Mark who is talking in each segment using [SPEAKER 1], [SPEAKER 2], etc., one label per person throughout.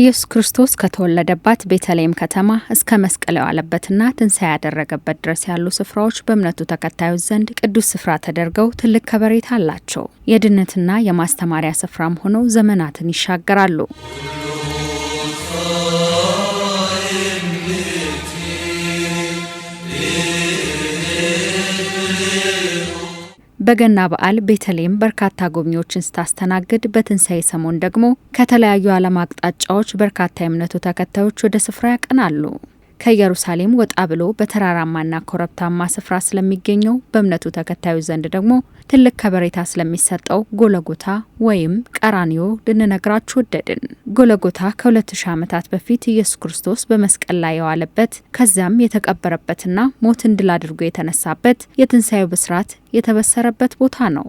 [SPEAKER 1] ኢየሱስ ክርስቶስ ከተወለደባት ቤተልሔም ከተማ እስከ መስቀል የዋለበትና ትንሣኤ ያደረገበት ድረስ ያሉ ስፍራዎች በእምነቱ ተከታዮች ዘንድ ቅዱስ ስፍራ ተደርገው ትልቅ ከበሬታ አላቸው። የድነትና የማስተማሪያ ስፍራም ሆነው ዘመናትን ይሻገራሉ። በገና በዓል ቤተልሔም በርካታ ጎብኚዎችን ስታስተናግድ፣ በትንሣኤ ሰሞን ደግሞ ከተለያዩ ዓለም አቅጣጫዎች በርካታ የእምነቱ ተከታዮች ወደ ስፍራ ያቀናሉ። ከኢየሩሳሌም ወጣ ብሎ በተራራማና ኮረብታማ ስፍራ ስለሚገኘው በእምነቱ ተከታዩ ዘንድ ደግሞ ትልቅ ከበሬታ ስለሚሰጠው ጎለጎታ ወይም ቀራኒዮ ልንነግራችሁ ወደድን። ጎለጎታ ከ2000 ዓመታት በፊት ኢየሱስ ክርስቶስ በመስቀል ላይ የዋለበት ከዚያም የተቀበረበትና ሞትን ድል አድርጎ የተነሳበት የትንሣኤው ብስራት የተበሰረበት ቦታ ነው።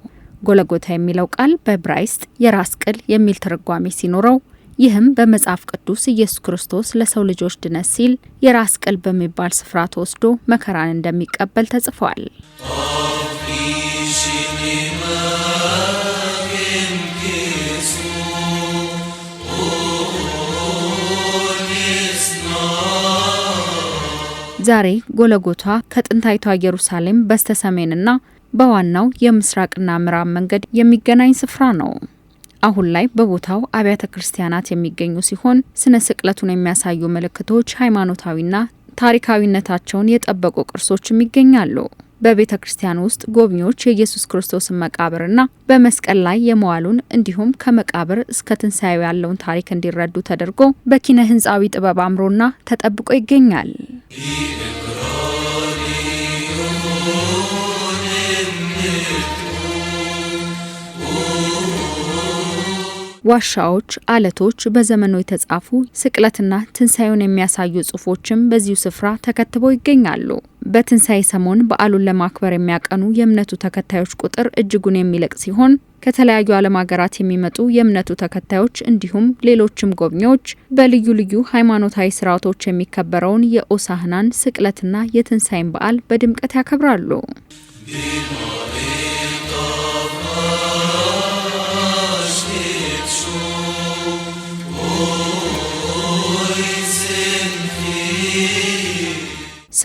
[SPEAKER 1] ጎለጎታ የሚለው ቃል በዕብራይስጥ የራስ ቅል የሚል ትርጓሜ ሲኖረው ይህም በመጽሐፍ ቅዱስ ኢየሱስ ክርስቶስ ለሰው ልጆች ድነት ሲል የራስ ቅል በሚባል ስፍራ ተወስዶ መከራን እንደሚቀበል ተጽፏል። ዛሬ ጎለጎታ ከጥንታዊቷ ኢየሩሳሌም ሰሜንና በዋናው የምስራቅና ምዕራብ መንገድ የሚገናኝ ስፍራ ነው። አሁን ላይ በቦታው አብያተ ክርስቲያናት የሚገኙ ሲሆን ስነ ስቅለቱን የሚያሳዩ ምልክቶች ሃይማኖታዊና ታሪካዊነታቸውን የጠበቁ ቅርሶችም ይገኛሉ። በቤተ ክርስቲያን ውስጥ ጎብኚዎች የኢየሱስ ክርስቶስን መቃብርና በመስቀል ላይ የመዋሉን እንዲሁም ከመቃብር እስከ ትንሣኤው ያለውን ታሪክ እንዲረዱ ተደርጎ በኪነ ህንፃዊ ጥበብ አምሮና ተጠብቆ ይገኛል። ዋሻዎች፣ አለቶች፣ በዘመኑ የተጻፉ ስቅለትና ትንሣኤውን የሚያሳዩ ጽሑፎችም በዚሁ ስፍራ ተከትበው ይገኛሉ። በትንሣኤ ሰሞን በዓሉን ለማክበር የሚያቀኑ የእምነቱ ተከታዮች ቁጥር እጅጉን የሚለቅ ሲሆን ከተለያዩ ዓለም ሀገራት የሚመጡ የእምነቱ ተከታዮች እንዲሁም ሌሎችም ጎብኚዎች በልዩ ልዩ ሃይማኖታዊ ስርዓቶች የሚከበረውን የኦሳህናን ስቅለትና የትንሣኤን በዓል በድምቀት ያከብራሉ።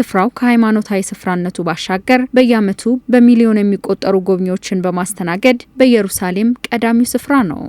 [SPEAKER 1] ስፍራው ከሃይማኖታዊ ስፍራነቱ ባሻገር በየዓመቱ በሚሊዮን የሚቆጠሩ ጎብኚዎችን በማስተናገድ በኢየሩሳሌም ቀዳሚው ስፍራ ነው።